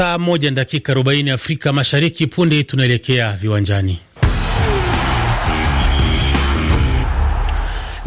Saa moja na dakika arobaini Afrika Mashariki. Punde tunaelekea viwanjani.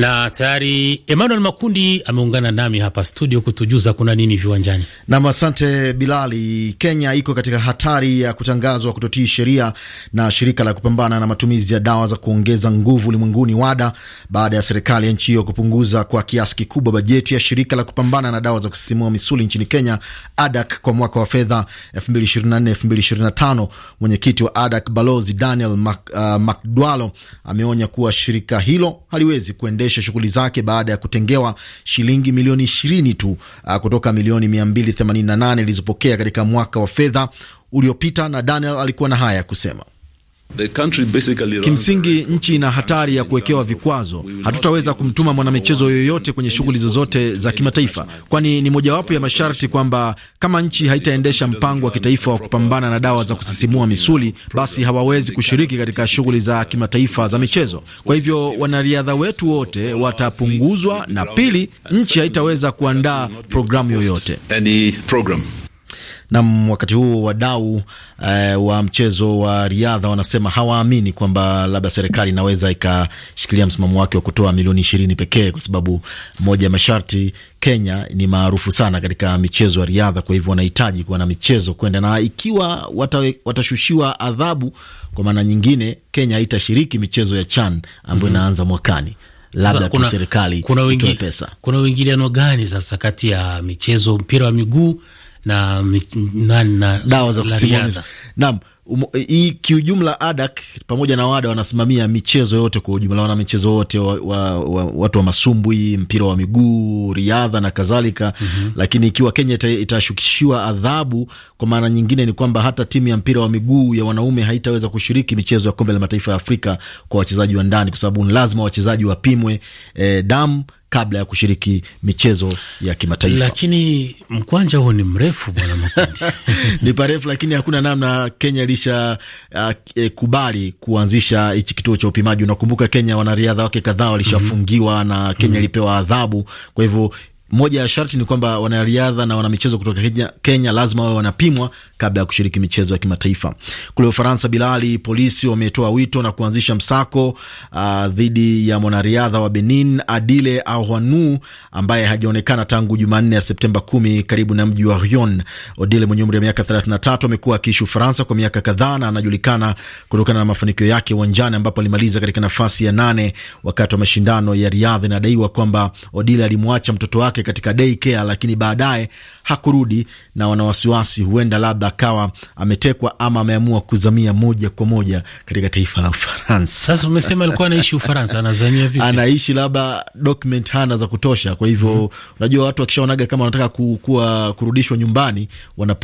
na tayari Emmanuel Makundi ameungana nami hapa studio kutujuza kuna nini viwanjani. Nam, asante Bilali. Kenya iko katika hatari ya kutangazwa kutotii sheria na shirika la kupambana na matumizi ya dawa za kuongeza nguvu ulimwenguni WADA baada ya serikali ya nchi hiyo kupunguza kwa kiasi kikubwa bajeti ya shirika la kupambana na dawa za kusisimua misuli nchini Kenya, ADAK, kwa mwaka wa fedha 2024/2025. Mwenyekiti wa ADAK Balozi Daniel Mac, uh, Macdwalo ameonya kuwa shirika hilo haliwezi kuendesha kuendesha shughuli zake baada ya kutengewa shilingi milioni 20 tu uh, kutoka milioni 288 ilizopokea katika mwaka wa fedha uliopita, na Daniel alikuwa na haya ya kusema. Kimsingi nchi ina hatari ya kuwekewa vikwazo. Hatutaweza kumtuma mwanamichezo yoyote kwenye shughuli zozote za kimataifa, kwani ni mojawapo ya masharti kwamba kama nchi haitaendesha mpango wa kitaifa wa kupambana na dawa za kusisimua misuli, basi hawawezi kushiriki katika shughuli za kimataifa za michezo. Kwa hivyo wanariadha wetu wote watapunguzwa, na pili, nchi haitaweza kuandaa programu yoyote. Nam, wakati huo wadau eh, wa mchezo wa riadha wanasema hawaamini kwamba labda serikali inaweza ikashikilia msimamo wake wa kutoa milioni ishirini pekee, kwa sababu moja ya masharti, Kenya ni maarufu sana katika michezo ya riadha, kwa hivyo wanahitaji kuwa na michezo kwenda na, ikiwa watashushiwa adhabu, kwa maana nyingine Kenya haitashiriki michezo ya CHAN ambayo mhm. inaanza mm -hmm. mwakani labda kuna, serikali kuna, pesa. Kuna uingiliano gani sasa kati ya michezo mpira wa miguu na, na, na dawa za kusimuliza. Naam, hii kiujumla, ADAK pamoja na WADA wanasimamia michezo yote kwa ujumla, wana michezo wote wa, wa, wa, watu wa masumbwi, mpira wa miguu, riadha na kadhalika mm -hmm. Lakini ikiwa Kenya ita, itashukishiwa adhabu, kwa maana nyingine ni kwamba hata timu ya mpira wa miguu ya wanaume haitaweza kushiriki michezo ya kombe la mataifa ya Afrika kwa wachezaji wa ndani, kwa sababu ni lazima wachezaji wapimwe eh, damu kabla ya kushiriki michezo ya kimataifa. Lakini mkwanja huo ni mrefu bwana Makundi. Ni parefu, lakini hakuna namna. Kenya ilisha uh, e, kubali kuanzisha hichi kituo cha upimaji. Unakumbuka Kenya wanariadha wake kadhaa walishafungiwa mm -hmm. na Kenya mhm. ilipewa mm -hmm. adhabu, kwa hivyo moja ya sharti ni kwamba wanariadha na wanamichezo kutoka Kenya Kenya lazima wawe wanapimwa kabla ya kushiriki michezo ya kimataifa. Kule Ufaransa, Bilali, polisi wametoa wito na kuanzisha msako uh, dhidi ya mwanariadha wa Benin Adile Ahouanou ambaye hajaonekana tangu Jumanne ya Septemba kumi karibu na mji wa Rion. Odile mwenye umri wa miaka 33 amekuwa akiishi Ufaransa kwa miaka kadhaa na anajulikana kutokana na mafanikio yake uwanjani ambapo alimaliza katika nafasi ya nane wakati wa mashindano ya riadha. Inadaiwa kwamba Odile alimwacha mtoto wake katika daycare, lakini baadaye hakurudi na wanawasiwasi, huenda labda akawa ametekwa ama ameamua kuzamia moja kwa moja katika taifa la Ufaransa. Sasa umesema alikuwa anaishi Ufaransa, anazamia vipi? Anaishi labda document hana za kutosha, kwa hivyo mm -hmm. watu wakishaonaga kama wanataka kuwa kurudishwa nyumbani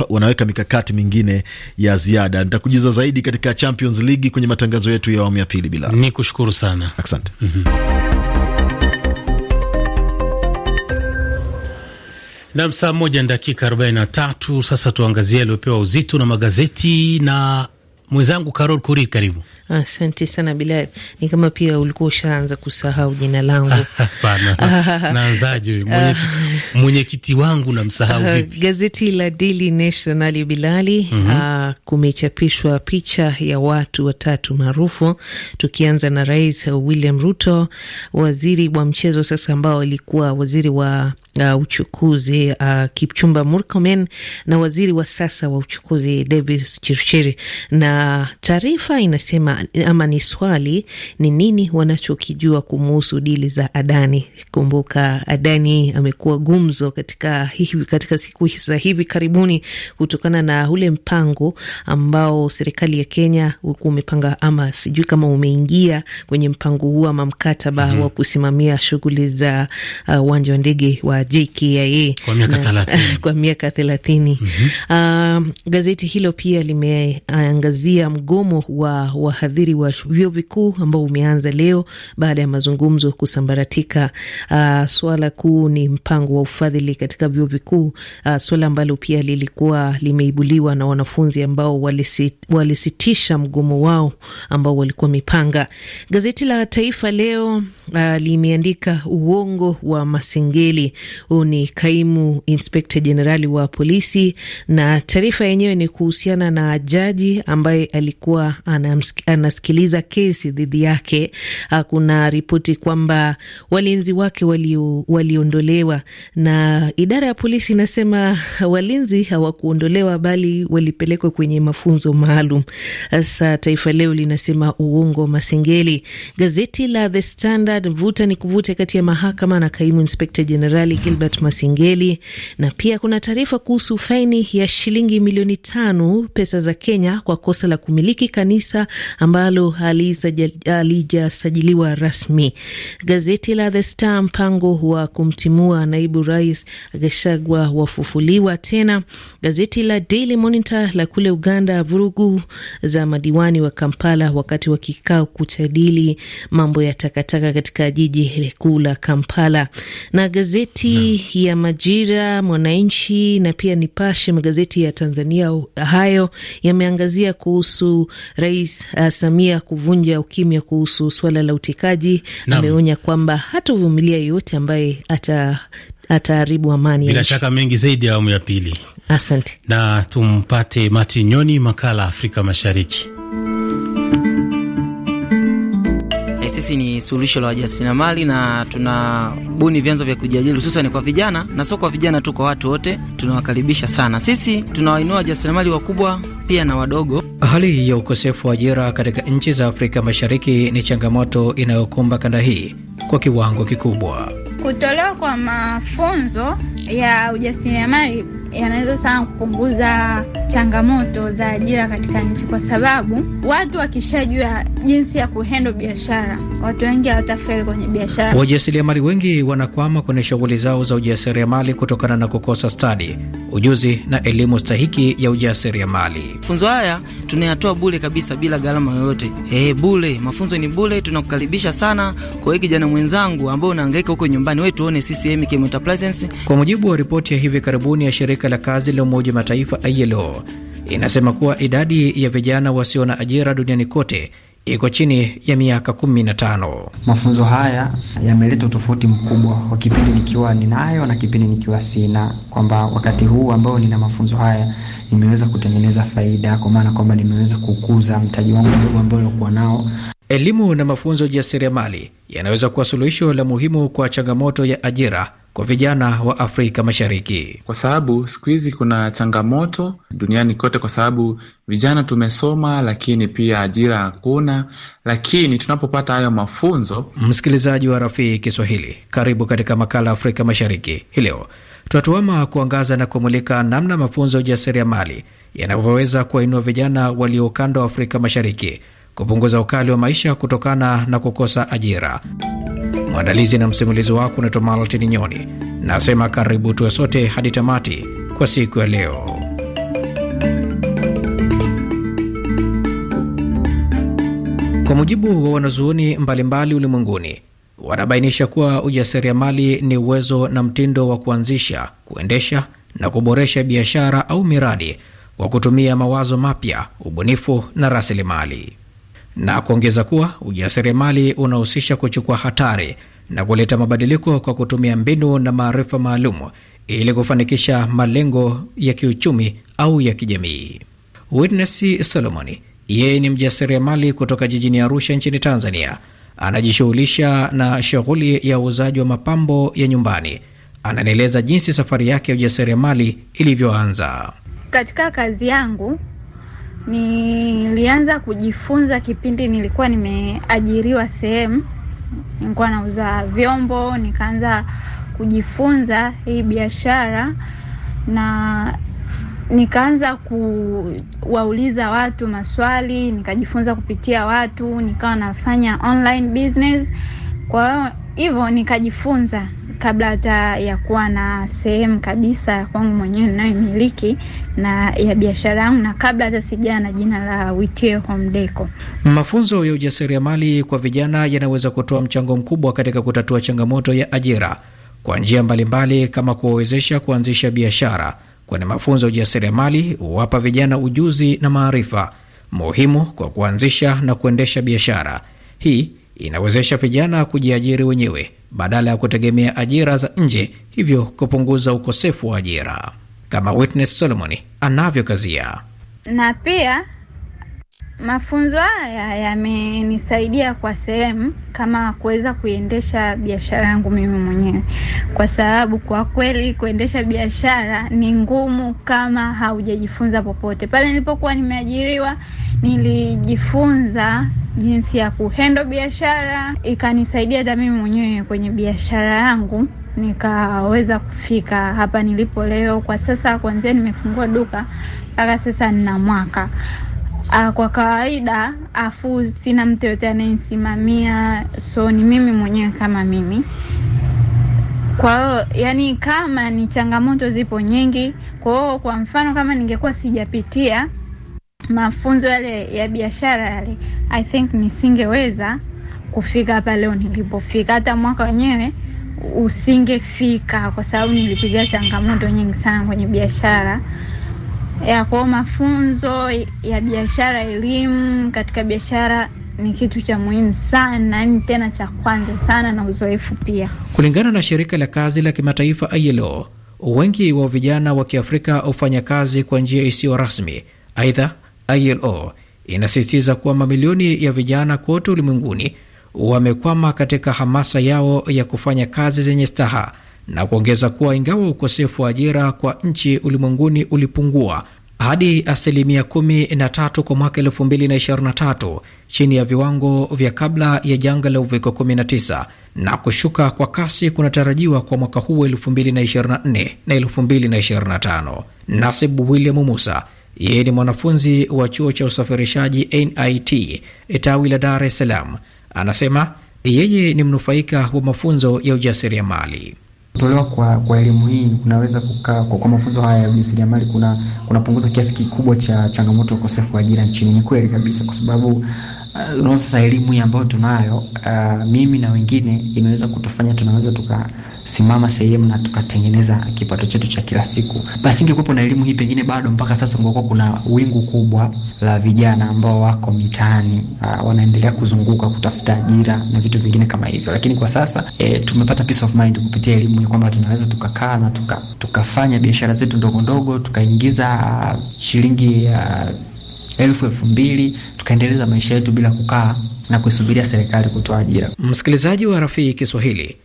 wanaweka mikakati mingine ya ziada. Nitakujuza zaidi katika Champions League kwenye matangazo yetu ya awamu ya pili. Bila ni kushukuru sana, asante. mm -hmm. Nam, saa moja na dakika 43. Sasa tuangazie aliopewa uzito na magazeti na mwenzangu Carol Kuri, karibu. Asante sana Bilal, ni kama pia ulikuwa ushaanza kusahau jina langu. Naanzaje? Ah. mwenyekiti wangu namsahau ah, vipi? Gazeti la Daily National Bilali, mm -hmm. kumechapishwa picha ya watu watatu maarufu, tukianza na Rais William Ruto, waziri wa mchezo sasa, ambao alikuwa waziri wa uh, uchukuzi uh, Kipchumba Murkomen na waziri wa sasa wa uchukuzi Davis Chirchiri. Na taarifa inasema ama ni swali, ni nini wanachokijua kumuhusu dili za Adani? Kumbuka Adani amekuwa gumzo katika hivi, katika siku za hivi karibuni kutokana na ule mpango ambao serikali ya Kenya umepanga ama sijui kama umeingia kwenye mpango huu ama mkataba mm -hmm. wa kusimamia shughuli za uh, uwanja uh, wa ndege wa E. wa JKIA kwa miaka thelathini, kwa miaka thelathini. Mm -hmm. Uh, um, gazeti hilo pia limeangazia mgomo wa wahadhiri wa vyuo vikuu ambao umeanza leo baada ya mazungumzo kusambaratika. Uh, swala kuu ni mpango wa ufadhili katika vyuo vikuu, uh, swala ambalo pia lilikuwa limeibuliwa na wanafunzi ambao walisit, walisitisha mgomo wao ambao walikuwa mipanga. Gazeti la Taifa leo uh, limeandika uongo wa Masengeli Huyu ni kaimu inspekta jenerali wa polisi, na taarifa yenyewe ni kuhusiana na jaji ambaye alikuwa anasikiliza kesi dhidi yake. Ah, kuna ripoti kwamba walinzi wake waliondolewa, wali na idara ya polisi inasema walinzi hawakuondolewa, bali walipelekwa kwenye mafunzo maalum. Sasa Taifa Leo linasema uongo Masengeli. Gazeti la The Standard, vuta ni kuvuta kati ya mahakama na kaimu inspekta jenerali Gilbert Masingeli. Na pia kuna taarifa kuhusu faini ya shilingi milioni tano pesa za Kenya kwa kosa la kumiliki kanisa ambalo halijasajiliwa rasmi. Gazeti la The Star, mpango wa kumtimua naibu rais Gashagwa wafufuliwa tena. Gazeti la Daily Monitor la kule Uganda, vurugu za madiwani wa Kampala wakati wa kikao kujadili mambo ya takataka katika jiji kuu la Kampala na gazeti gazeti na ya Majira, Mwananchi na pia Nipashe, magazeti ya Tanzania hayo yameangazia kuhusu Rais uh, Samia kuvunja ukimya kuhusu suala la utekaji. Ameonya kwamba hatavumilia yeyote ambaye ata ataharibu amani. Bila shaka mengi zaidi ya awamu ya pili. Asante na tumpate Mati Nyoni, makala Afrika Mashariki. sisi ni suluhisho la wajasiriamali na tunabuni vyanzo vya kujiajiri hususan kwa vijana, na sio kwa vijana tu, kwa watu wote tunawakaribisha sana. Sisi tunawainua wajasiriamali wakubwa pia na wadogo. Hali ya ukosefu wa ajira katika nchi za Afrika Mashariki ni changamoto inayokumba kanda hii kwa kiwango kikubwa. Kutolewa kwa mafunzo ya ujasiriamali yanaweza sana kupunguza changamoto za ajira katika nchi, kwa sababu watu wakishajua jinsi ya kuhendo biashara, watu wengi hawatafeli kwenye biashara. Wajasiriamali wengi wanakwama kwenye shughuli zao za ujasiriamali kutokana na kukosa stadi ujuzi na elimu stahiki ya ujasiriamali. Mafunzo haya tunayatoa bule kabisa bila gharama yoyote. Eh, bule mafunzo ni bule, tunakukaribisha sana. Kwa hiyo kijana mwenzangu ambao unahangaika huko nyumbani, wewe tuone CCM Enterprises. Kwa mujibu wa ripoti ya hivi karibuni ya shirika la kazi la Umoja Mataifa ILO inasema kuwa idadi ya vijana wasio na ajira duniani kote iko chini ya miaka kumi na tano. Mafunzo haya yameleta utofauti mkubwa kwa kipindi nikiwa ninayo na kipindi nikiwa sina, kwamba wakati huu ambao nina mafunzo haya nimeweza kutengeneza faida, kwa maana kwamba nimeweza kukuza mtaji wangu mdogo ambao nilikuwa nao. Elimu na mafunzo ya jasiriamali yanaweza kuwa suluhisho la muhimu kwa changamoto ya ajira kwa vijana wa Afrika Mashariki, kwa sababu siku hizi kuna changamoto duniani kote, kwa sababu vijana tumesoma, lakini pia ajira hakuna. Lakini tunapopata hayo mafunzo. Msikilizaji wa Rafii Kiswahili, karibu katika makala Afrika Mashariki hii leo. Tunatuama kuangaza na kumulika namna mafunzo ya ujasiriamali yanavyoweza kuwainua vijana walio ukanda wa Afrika Mashariki kupunguza ukali wa maisha kutokana na kukosa ajira. Mwandalizi na msimulizi wako unaitwa Maltini Nyoni, nasema karibu tuwe sote hadi tamati kwa siku ya leo. Kwa mujibu wa wanazuoni mbalimbali ulimwenguni, wanabainisha kuwa ujasiriamali ni uwezo na mtindo wa kuanzisha, kuendesha na kuboresha biashara au miradi kwa kutumia mawazo mapya, ubunifu na rasilimali na kuongeza kuwa ujasiriamali unahusisha kuchukua hatari na kuleta mabadiliko kwa kutumia mbinu na maarifa maalum ili kufanikisha malengo ya kiuchumi au ya kijamii. Witness Solomoni yeye ni mjasiriamali kutoka jijini Arusha nchini Tanzania. Anajishughulisha na shughuli ya uuzaji wa mapambo ya nyumbani. Ananieleza jinsi safari yake ya ujasiriamali ilivyoanza. Katika kazi yangu Nilianza kujifunza kipindi nilikuwa nimeajiriwa sehemu, nilikuwa nauza vyombo, nikaanza kujifunza hii biashara na nikaanza kuwauliza watu maswali, nikajifunza kupitia watu, nikawa nafanya online business. Kwa hiyo hivyo nikajifunza kabla hata ya kuwa na sehemu kabisa ya kwangu mwenyewe ninayomiliki na ya biashara yangu na kabla hata sijaa na jina la Witie Home Deco. Mafunzo ya ujasiriamali kwa vijana yanaweza kutoa mchango mkubwa katika kutatua changamoto ya ajira kwa njia mbalimbali kama kuwawezesha kuanzisha biashara, kwani mafunzo ya ujasiriamali huwapa vijana ujuzi na maarifa muhimu kwa kuanzisha na kuendesha biashara. Hii inawezesha vijana kujiajiri wenyewe badala ya kutegemea ajira za nje, hivyo kupunguza ukosefu wa ajira, kama Witness Solomon anavyokazia na pia Mafunzo haya yamenisaidia kwa sehemu kama kuweza kuiendesha biashara yangu mimi mwenyewe, kwa sababu kwa kweli kuendesha biashara ni ngumu kama haujajifunza popote. Pale nilipokuwa nimeajiriwa, nilijifunza jinsi ya kuhendo biashara, ikanisaidia hata mimi mwenyewe kwenye biashara yangu nikaweza kufika hapa nilipo leo. Kwa sasa kuanzia nimefungua duka mpaka sasa nina mwaka Uh, kwa kawaida afu sina mtu yoyote anayesimamia, so ni mimi mwenyewe kama mimi. Kwa hiyo yani, kama ni changamoto zipo nyingi. Kwa hiyo kwa mfano kama ningekuwa sijapitia mafunzo yale ya biashara yale, I think nisingeweza kufika hapa leo nilipofika, hata mwaka wenyewe usingefika, kwa sababu nilipitia changamoto nyingi sana kwenye biashara ya kwao, mafunzo ya biashara, elimu katika biashara ni kitu cha muhimu sana, ni yaani tena cha kwanza sana, na uzoefu pia. Kulingana na shirika la kazi la kimataifa ILO, wengi wa vijana wa Kiafrika hufanya kazi kwa njia isiyo rasmi. Aidha, ILO inasisitiza kuwa mamilioni ya vijana kote ulimwenguni wamekwama katika hamasa yao ya kufanya kazi zenye staha na kuongeza kuwa ingawa ukosefu wa ajira kwa nchi ulimwenguni ulipungua hadi asilimia 13 kwa mwaka 2023 chini ya viwango vya kabla ya janga la uviko 19 na kushuka kwa kasi kunatarajiwa kwa mwaka huu 2024 na 2025. Nasib William Musa, yeye ni mwanafunzi wa chuo cha usafirishaji NIT tawi la Dar es Salaam, anasema yeye ni mnufaika wa mafunzo ya ujasiriamali kutolewa kwa, kwa elimu hii kunaweza kukaa kwa, kwa mafunzo haya ya ujasiriamali kuna kunapunguza kiasi kikubwa cha changamoto ya ukosefu wa ajira nchini. Ni kweli kabisa, kwa sababu unaona uh, sasa elimu hii ambayo tunayo uh, mimi na wengine imeweza kutufanya tunaweza tukasimama sehemu na tukatengeneza kipato chetu cha kila siku. Basi ingekuwepo na elimu hii, pengine bado mpaka sasa ungekuwa kuna wingu kubwa la vijana ambao wako mitaani, uh, wanaendelea kuzunguka kutafuta ajira na vitu vingine kama hivyo. Lakini kwa sasa e, tumepata peace of mind kupitia elimu hii kwamba tunaweza tukakaa na tuka, tukafanya biashara zetu ndogo ndogo tukaingiza uh, shilingi uh, elfu elfu mbili tukaendeleza maisha yetu bila kukaa na kuisubiria serikali kutoa ajira. Msikilizaji wa Rafii Kiswahili,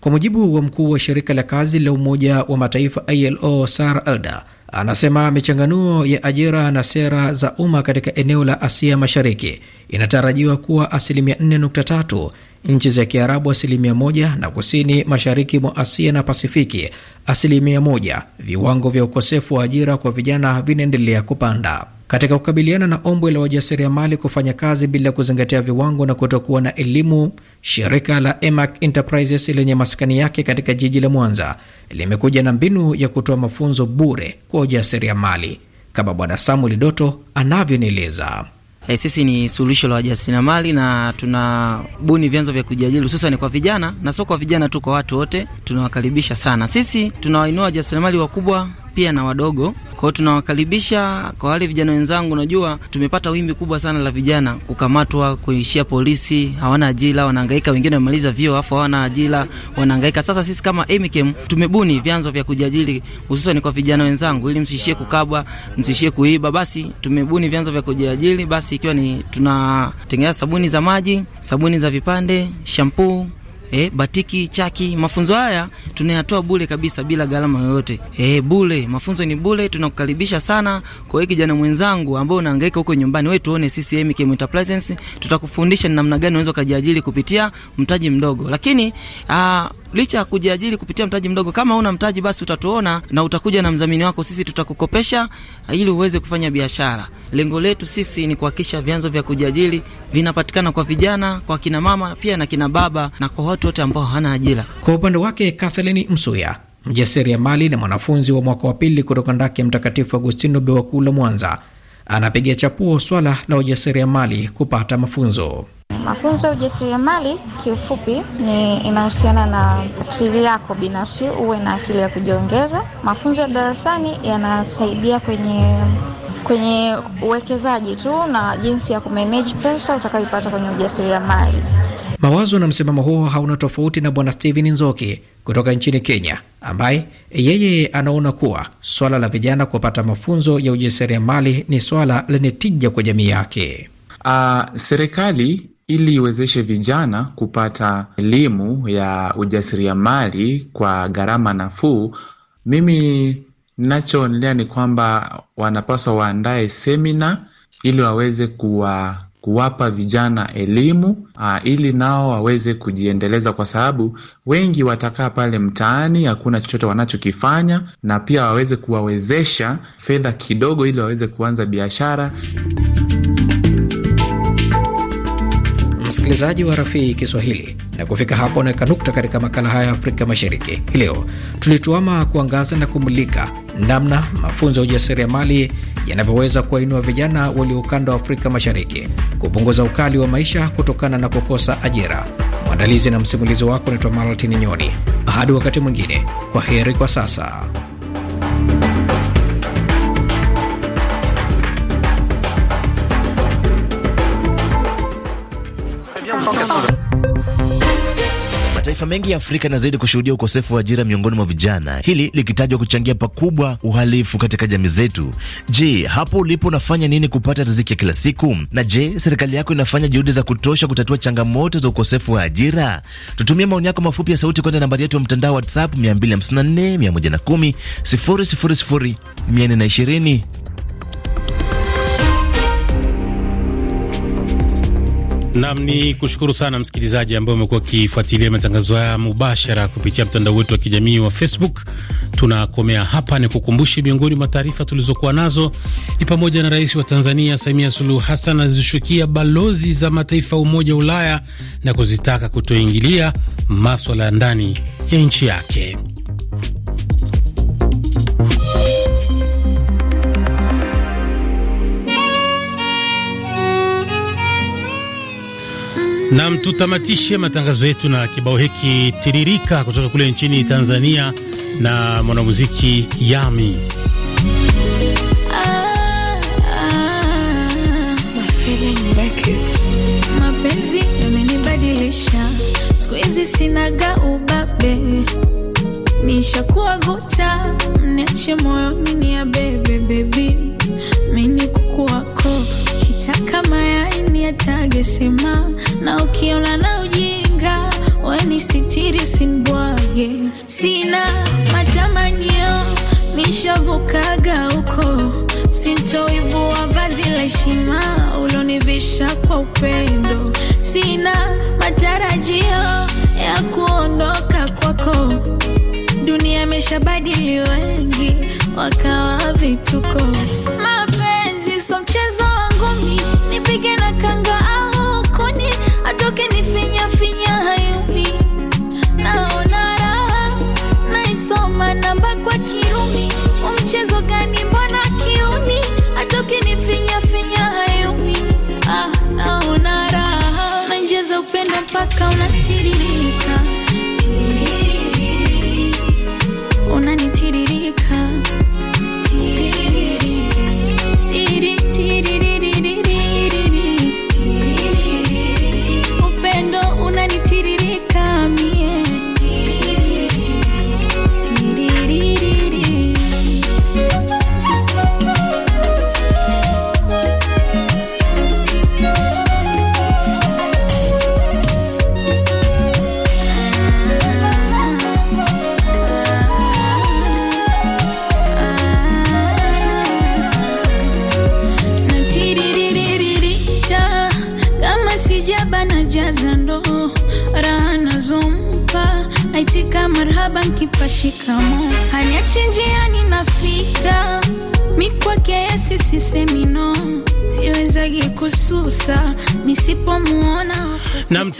kwa mujibu wa mkuu wa shirika la kazi la Umoja wa Mataifa ILO Sara Elda anasema michanganuo ya ajira na sera za umma katika eneo la Asia Mashariki inatarajiwa kuwa asilimia 4.3, nchi za Kiarabu asilimia 1, na kusini mashariki mwa Asia na Pasifiki asilimia 1. Viwango vya ukosefu wa ajira kwa vijana vinaendelea kupanda katika kukabiliana na ombwe la wajasiriamali kufanya kazi bila kuzingatia viwango na kutokuwa na elimu. Shirika la Emac Enterprises lenye maskani yake katika jiji la Mwanza limekuja na mbinu ya kutoa mafunzo bure kwa wajasiriamali, kama Bwana Samuel Doto anavyonieleza. Hey, eh, sisi ni suluhisho la wajasiriamali na tunabuni vyanzo vya kujiajiri hususan kwa vijana, na sio kwa vijana tu, kwa watu wote tunawakaribisha sana. Sisi tunawainua wajasiriamali wakubwa pia na wadogo. Kwa hiyo tunawakaribisha kwa wale vijana wenzangu, najua tumepata wimbi kubwa sana la vijana kukamatwa, kuishia polisi, hawana ajira, wanahangaika, wengine wamemaliza vyuo afu hawana ajira, wanahangaika. Sasa sisi kama MKM tumebuni vyanzo vya kujiajiri hususan kwa vijana wenzangu, ili msishie kukabwa, msishie kuiba. Basi tumebuni vyanzo vya kujiajiri, basi ikiwa ni tunatengeneza sabuni za maji, sabuni za vipande, shampuu eh, batiki chaki. Mafunzo haya tunayatoa bule kabisa bila gharama yoyote. Eh, bule. mafunzo ni bule, Tunakukaribisha sana kwa hiyo kijana mwenzangu ambao unahangaika huko nyumbani, wewe tuone CCM Chem Enterprises, tutakufundisha ni namna gani unaweza kujiajiri kupitia mtaji mdogo. Lakini aa, ah, licha ya kujiajiri kupitia mtaji mdogo, kama una mtaji basi utatuona na utakuja na mzamini wako, sisi tutakukopesha ili uweze kufanya biashara. Lengo letu sisi ni kuhakikisha vyanzo vya kujiajiri vinapatikana kwa vijana, kwa kina mama pia na kina baba na kwa watu wote ambao hawana ajira. Kwa upande wake Kathleen Msuya mjasiriamali na mwanafunzi wa mwaka wa pili kutoka ndaki ya Mtakatifu Agustino Bewakula Mwanza anapiga chapuo swala la ujasiriamali kupata mafunzo. Mafunzo ya ujasiriamali kiufupi ni inahusiana na akili yako binafsi, uwe na akili ya kujiongeza. Mafunzo ya darasani yanasaidia kwenye kwenye uwekezaji tu na jinsi ya kumanage pesa utakayoipata kwenye ujasiriamali. Mawazo na msimamo huo hauna tofauti na bwana Steven Nzoki kutoka nchini Kenya, ambaye yeye anaona kuwa swala la vijana kupata mafunzo ya ujasiriamali ni swala lenye tija kwa jamii yake. Uh, serikali ili iwezeshe vijana kupata elimu ya ujasiriamali kwa gharama nafuu, mimi nachoonelea ni kwamba wanapaswa waandae semina ili waweze kuwa kuwapa vijana elimu aa, ah, ili nao waweze kujiendeleza, kwa sababu wengi watakaa pale mtaani, hakuna chochote wanachokifanya, na pia waweze kuwawezesha fedha kidogo, ili waweze kuanza biashara. Msikilizaji wa Rafii Kiswahili, na kufika hapo naweka nukta katika makala haya ya Afrika Mashariki hii leo. Tulituama kuangaza na kumulika namna mafunzo ya ujasiriamali yanavyoweza kuwainua vijana walio ukanda wa Afrika Mashariki, kupunguza ukali wa maisha kutokana na kukosa ajira. Mwandalizi na msimulizi wako naitwa Malatini Nyoni. Hadi wakati mwingine, kwa heri kwa sasa. Mataifa mengi ya Afrika yanazidi kushuhudia ukosefu wa ajira miongoni mwa vijana, hili likitajwa kuchangia pakubwa uhalifu katika jamii zetu. Je, hapo ulipo unafanya nini kupata riziki ya kila siku? Na je, serikali yako inafanya juhudi za kutosha kutatua changamoto za ukosefu wa ajira? Tutumie maoni yako mafupi ya sauti kwenda nambari yetu ya mtandao WhatsApp 254 110 000 420 Nam ni kushukuru sana msikilizaji ambaye umekuwa ukifuatilia matangazo haya mubashara kupitia mtandao wetu wa kijamii wa Facebook. Tunakomea hapa, ni kukumbushe miongoni mwa taarifa tulizokuwa nazo ni pamoja na Rais wa Tanzania Samia Suluhu Hassan azishukia balozi za mataifa ya Umoja wa Ulaya na kuzitaka kutoingilia maswala ya ndani ya nchi yake. Nam, tutamatishe matangazo yetu na kibao hiki tiririka kutoka kule nchini Tanzania na mwanamuziki Yami. Mapenzi yamenibadilisha, siku hizi sinaga ubabe, nishakuwa guta, ya bebe bebi, mini kukuwako tage sema na ukiona na ujinga weni sitiri usinibwage, sina matamanio nishavukaga huko, wa vazi la heshima ulonivisha kwa upendo, sina matarajio ya kuondoka kwako. Dunia imeshabadili wengi wakawa vituko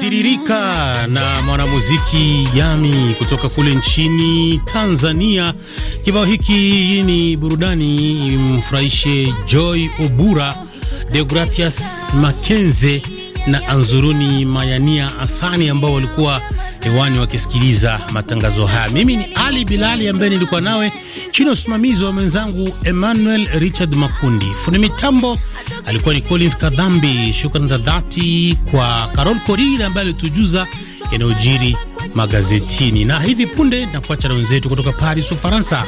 siririka na mwanamuziki Yami kutoka kule nchini Tanzania. Kibao hiki ni burudani imfurahishe Joy Obura, Deogratias Makenze na Anzuruni Mayania Asani ambao walikuwa hewani wakisikiliza matangazo haya. Mimi ni Ali Bilali ambaye nilikuwa nawe chini ya usimamizi wa mwenzangu Emmanuel Richard Makundi. Fundi mitambo alikuwa ni Collins Kadhambi. Shukrani za dhati kwa Carol Korira ambaye alitujuza yanayojiri magazetini, na hivi punde na kuacha na wenzetu kutoka Paris, Ufaransa.